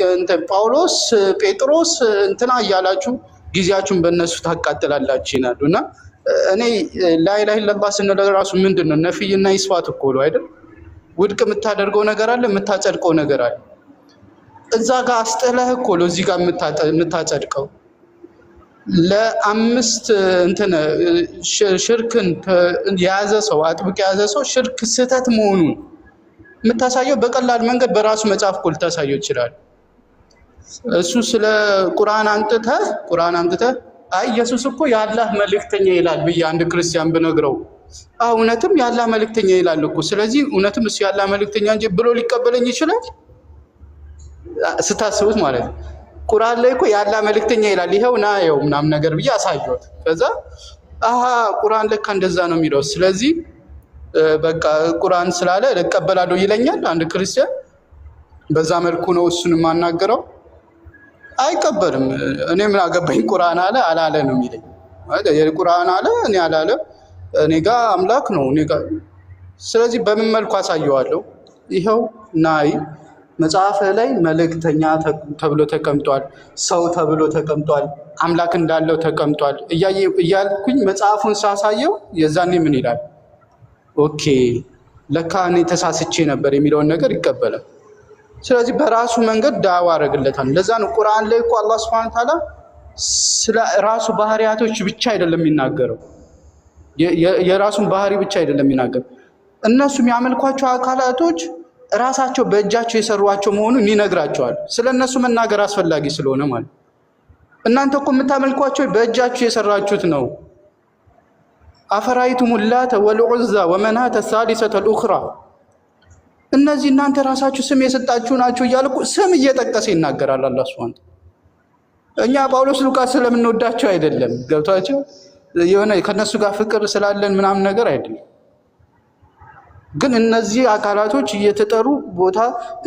ጳውሎስ፣ ጴጥሮስ እንትና እያላችሁ ጊዜያችሁን በእነሱ ታቃጥላላችሁ ይላሉ እና እኔ ላይ ላይ ለባ ስንል ራሱ ምንድን ነው ነፍይና ይስፋት እኮ ነው አይደል? ውድቅ የምታደርገው ነገር አለ፣ የምታጸድቀው ነገር አለ። እዛ ጋር አስጥለህ እኮ ነው እዚህ ጋር የምታጸድቀው። ለአምስት እንትን ሽርክን የያዘ ሰው አጥብቅ የያዘ ሰው ሽርክ ስህተት መሆኑን የምታሳየው በቀላል መንገድ በራሱ መጽሐፍ እኮ ልታሳየው ይችላል። እሱ ስለ ቁርአን አምጥተ ቁርአን አምጥተ አይ ኢየሱስ እኮ የአላህ መልእክተኛ ይላል ብዬ አንድ ክርስቲያን ብነግረው እውነትም የአላህ መልእክተኛ ይላል እኮ ስለዚህ እውነትም እሱ የአላህ መልእክተኛ እንጂ ብሎ ሊቀበለኝ ይችላል ስታስቡት ማለት ነው ቁርአን ላይ እኮ የአላህ መልእክተኛ ይላል ይኸው ና ይኸው ምናምን ነገር ብዬ አሳየሁት ከዛ አሀ ቁርአን ለካ እንደዛ ነው የሚለው ስለዚህ በቃ ቁርአን ስላለ እቀበላለሁ ይለኛል አንድ ክርስቲያን በዛ መልኩ ነው እሱን የማናገረው አይቀበልም። እኔ ምን አገባኝ? ቁርአን አለ አላለ ነው የሚለኝ። የቁርአን አለ እኔ አላለ እኔ ጋ አምላክ ነው እኔ ጋ። ስለዚህ በምን መልኩ አሳየዋለሁ? ይኸው ናይ መጽሐፍ ላይ መልእክተኛ ተብሎ ተቀምጧል፣ ሰው ተብሎ ተቀምጧል፣ አምላክ እንዳለው ተቀምጧል እያልኩኝ መጽሐፉን ሳሳየው የዛኔ ምን ይላል? ኦኬ ለካ እኔ ተሳስቼ ነበር የሚለውን ነገር ይቀበላል። ስለዚህ በራሱ መንገድ ዳዋ አደረግለታል። ለዛ ነው ቁርአን ላይ እኮ አላህ ሱብሃነሁ ወተዓላ ስለ ራሱ ባህሪያቶች ብቻ አይደለም የሚናገረው፣ የራሱን ባህሪ ብቻ አይደለም የሚናገረው። እነሱ የሚያመልኳቸው አካላቶች ራሳቸው በእጃቸው የሰሯቸው መሆኑን ይነግራቸዋል። ስለ እነሱ መናገር አስፈላጊ ስለሆነ ማለት እናንተ እኮ የምታመልኳቸው በእጃችሁ የሰራችሁት ነው። አፈራይቱም ላተ ወልዑዛ ወመናተ ሳሊሰተ ልኡኽራ እነዚህ እናንተ ራሳችሁ ስም የሰጣችሁ ናችሁ እያልኩ ስም እየጠቀሰ ይናገራል አላ ሱብሃነ እኛ ጳውሎስ ሉቃስ ስለምንወዳቸው አይደለም ገብቷቸው የሆነ ከነሱ ጋር ፍቅር ስላለን ምናምን ነገር አይደለም ግን እነዚህ አካላቶች እየተጠሩ ቦታ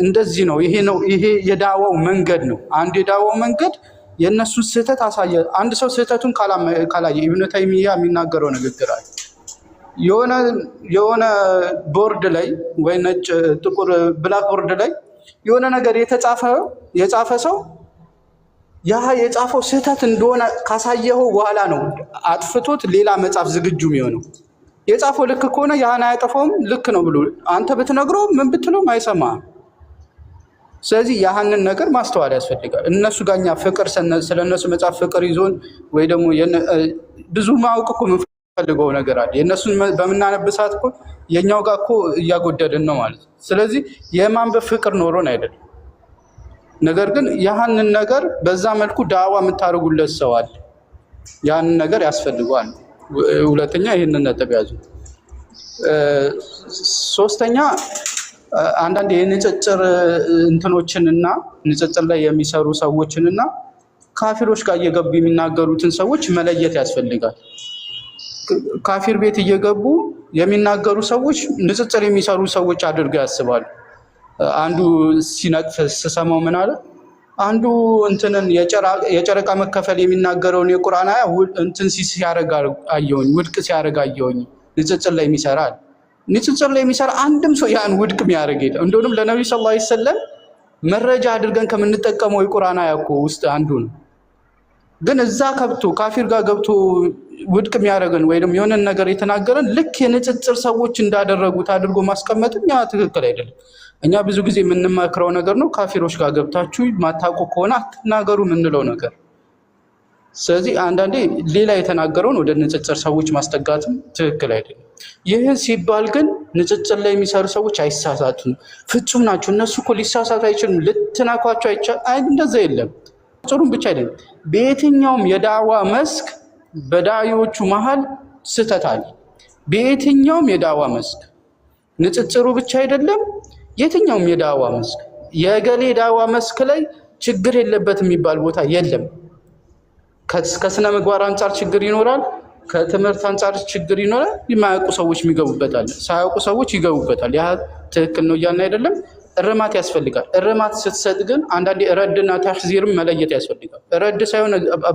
እንደዚህ ነው ይሄ ነው ይሄ የዳዋው መንገድ ነው አንድ የዳዋው መንገድ የእነሱን ስህተት አሳየ አንድ ሰው ስህተቱን ካላየ ኢብኑ ተይሚያ የሚናገረው ንግግር አለ የሆነ የሆነ ቦርድ ላይ ወይ ነጭ ጥቁር ብላክ ቦርድ ላይ የሆነ ነገር የተጻፈ የጻፈ ሰው ያ የጻፈው ስህተት እንደሆነ ካሳየኸው በኋላ ነው አጥፍቶት ሌላ መጽሐፍ ዝግጁ የሚሆነው። የጻፈው ልክ ከሆነ ያህን አያጠፈውም ልክ ነው ብሎ አንተ ብትነግረው ምን ብትለውም አይሰማህም። ስለዚህ ያህንን ነገር ማስተዋል ያስፈልጋል። እነሱ ጋኛ ፍቅር ስለነሱ መጽሐፍ ፍቅር ይዞን ወይ ደግሞ ብዙ ማወቅ እኮ የምንፈልገው ነገር አለ። የእነሱን በምናነብ ሰዓት እኮ የእኛው ጋር እኮ እያጎደልን ነው ማለት ነው። ስለዚህ የማንበብ ፍቅር ኖሮን አይደለም። ነገር ግን ያህንን ነገር በዛ መልኩ ዳዋ የምታደርጉለት ሰው አለ። ያንን ነገር ያስፈልገዋል። ሁለተኛ ይህንን ነጥብ ያዙ። ሶስተኛ አንዳንድ የንጽጽር እንትኖችንና ንጽጽር ላይ የሚሰሩ ሰዎችንና ካፊሮች ጋር እየገቡ የሚናገሩትን ሰዎች መለየት ያስፈልጋል። ካፊር ቤት እየገቡ የሚናገሩ ሰዎች ንጽጽር የሚሰሩ ሰዎች አድርገው ያስባሉ። አንዱ ሲነቅፍ ስሰማው ምን አለ፣ አንዱ እንትንን የጨረቃ መከፈል የሚናገረውን የቁርአን አያ እንትን ሲያደርግ አየውኝ፣ ውድቅ ሲያደርግ አየውኝ። ንጽጽር ላይ የሚሰራ አለ። ንጽጽር ላይ የሚሰራ አንድም ሰው ያን ውድቅ የሚያደርግ የለም። እንደሆንም ለነቢዩ ሰለላሁ ላ ወሰለም መረጃ አድርገን ከምንጠቀመው የቁርአን አያ እኮ ውስጥ አንዱ ነው። ግን እዛ ከብቶ ካፊር ጋር ገብቶ ውድቅ የሚያደርገን ወይም የሆነን ነገር የተናገረን ልክ የንጽጽር ሰዎች እንዳደረጉት አድርጎ ማስቀመጥም ያ ትክክል አይደለም። እኛ ብዙ ጊዜ የምንመክረው ነገር ነው። ካፊሮች ጋር ገብታችሁ ማታውቁ ከሆነ አትናገሩ የምንለው ነገር። ስለዚህ አንዳንዴ ሌላ የተናገረውን ወደ ንጽጽር ሰዎች ማስጠጋትም ትክክል አይደለም። ይህን ሲባል ግን ንጽጽር ላይ የሚሰሩ ሰዎች አይሳሳቱም፣ ፍጹም ናቸው፣ እነሱ እኮ ሊሳሳት አይችሉም፣ ልትናኳቸው አይቻል፣ እንደዛ የለም ጽሩም ብቻ አይደለም፣ በየትኛውም የዳዋ መስክ በዳዮቹ መሀል ስህተት አለ። በየትኛውም የዳዋ መስክ ንጽጽሩ ብቻ አይደለም፣ የትኛውም የዳዋ መስክ የገሌ ዳዋ መስክ ላይ ችግር የለበት የሚባል ቦታ የለም። ከስነ ምግባር አንጻር ችግር ይኖራል። ከትምህርት አንጻር ችግር ይኖራል። የማያውቁ ሰዎች ይገቡበታል። ሳያውቁ ሰዎች ይገቡበታል። ያ ትክክል ነው እያልን አይደለም። እርማት ያስፈልጋል። እርማት ስትሰጥ ግን አንዳንዴ ረድና ተሕዚርም መለየት ያስፈልጋል። ረድ ሳይሆን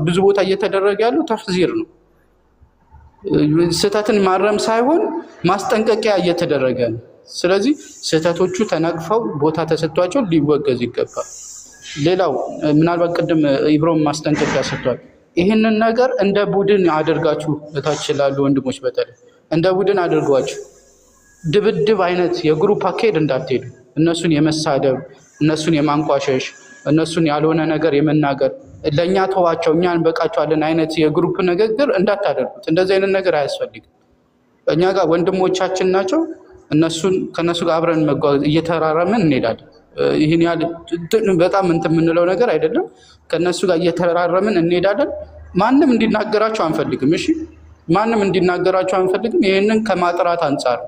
ብዙ ቦታ እየተደረገ ያለው ተሕዚር ነው። ስህተትን ማረም ሳይሆን ማስጠንቀቂያ እየተደረገ ነው። ስለዚህ ስህተቶቹ ተነቅፈው ቦታ ተሰጥቷቸው ሊወገዝ ይገባል። ሌላው ምናልባት ቅድም ኢብሮም ማስጠንቀቂያ ሰጥቷል። ይህንን ነገር እንደ ቡድን አድርጋችሁ እታች ላሉ ወንድሞች በተለይ እንደ ቡድን አድርጓችሁ ድብድብ አይነት የግሩፕ አካሄድ እንዳትሄዱ እነሱን የመሳደብ እነሱን የማንቋሸሽ እነሱን ያልሆነ ነገር የመናገር ለእኛ ተዋቸው እኛ እንበቃቸዋለን አይነት የግሩፕ ንግግር እንዳታደርጉት። እንደዚህ አይነት ነገር አያስፈልግም። እኛ ጋር ወንድሞቻችን ናቸው። እነሱን ከእነሱ ጋር አብረን መጓዝ እየተራረምን እንሄዳለን። ይህን ያህል በጣም እንትን የምንለው ነገር አይደለም። ከእነሱ ጋር እየተራረምን እንሄዳለን። ማንም እንዲናገራቸው አንፈልግም። እሺ፣ ማንም እንዲናገራቸው አንፈልግም። ይህንን ከማጥራት አንጻር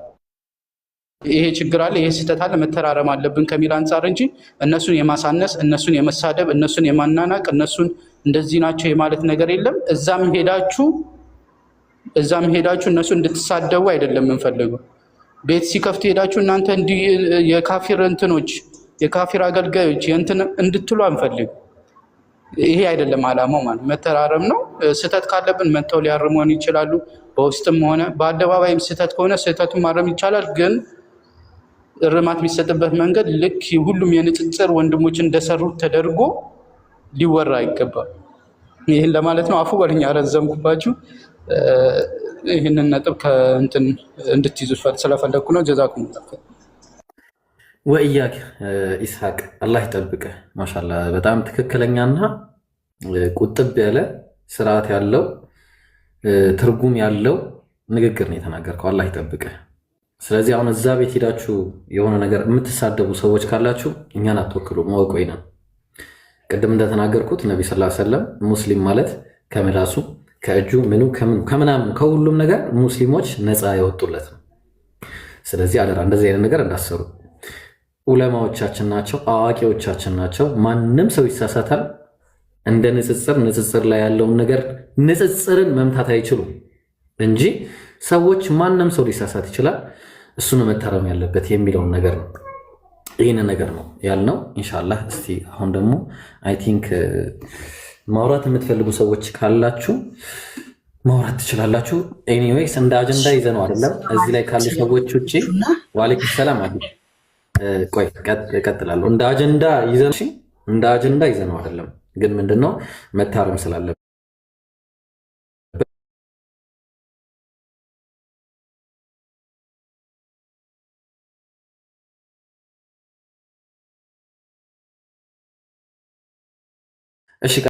ይሄ ችግር አለ፣ ይሄ ስህተት አለ፣ መተራረም አለብን ከሚል አንጻር እንጂ እነሱን የማሳነስ እነሱን የመሳደብ እነሱን የማናናቅ እነሱን እንደዚህ ናቸው የማለት ነገር የለም። እዛም ሄዳችሁ እዛም ሄዳችሁ እነሱ እንድትሳደቡ አይደለም የምንፈልገው። ቤት ሲከፍት ሄዳችሁ እናንተ እንዲህ የካፊር እንትኖች የካፊር አገልጋዮች እንትን እንድትሉ አንፈልግ። ይሄ አይደለም አላማው። ማለት መተራረም ነው። ስህተት ካለብን መጥተው ሊያርሙን ይችላሉ። በውስጥም ሆነ በአደባባይም ስህተት ከሆነ ስህተቱን ማረም ይቻላል ግን እርማት የሚሰጥበት መንገድ ልክ ሁሉም የንጽጽር ወንድሞች እንደሰሩት ተደርጎ ሊወራ አይገባም። ይህን ለማለት ነው። አፉ በልኝ ረዘምኩባችሁ ይህንን ነጥብ ከእንትን እንድትይዙ ስለፈለግኩ ነው። ጀዛኩም ወእያክ ኢስሐቅ፣ አላህ ይጠብቀ። ማሻላ በጣም ትክክለኛና ቁጥብ ያለ ስርዓት ያለው ትርጉም ያለው ንግግር ነው የተናገርከው። አላህ ይጠብቅህ። ስለዚህ አሁን እዛ ቤት ሄዳችሁ የሆነ ነገር የምትሳደቡ ሰዎች ካላችሁ እኛን አትወክሉ። ማወቅ ወይ ነው። ቅድም እንደተናገርኩት ነቢ ስላ ሰለም ሙስሊም ማለት ከምላሱ ከእጁ ምኑ ከምናምኑ ከሁሉም ነገር ሙስሊሞች ነፃ የወጡለት ነው። ስለዚህ አደራ እንደዚህ አይነት ነገር እንዳሰሩ። ዑለማዎቻችን ናቸው፣ አዋቂዎቻችን ናቸው። ማንም ሰው ይሳሳታል። እንደ ንፅፅር ንፅፅር ላይ ያለውን ነገር ንፅፅርን መምታት አይችሉም እንጂ ሰዎች ማንም ሰው ሊሳሳት ይችላል። እሱን መታረም ያለበት የሚለውን ነገር ነው። ይህን ነገር ነው ያልነው። ኢንሻላህ እስቲ አሁን ደግሞ አይ ቲንክ ማውራት የምትፈልጉ ሰዎች ካላችሁ ማውራት ትችላላችሁ። ኤኒዌይስ እንደ አጀንዳ ይዘነው አይደለም እዚህ ላይ ካሉ ሰዎች ውጭ ዋሌኩም ሰላም አ ቆይ እቀጥላለሁ። እንደ አጀንዳ ይዘነው እንደ አጀንዳ ይዘነው አይደለም ግን ምንድነው መታረም ስላለ Michigan.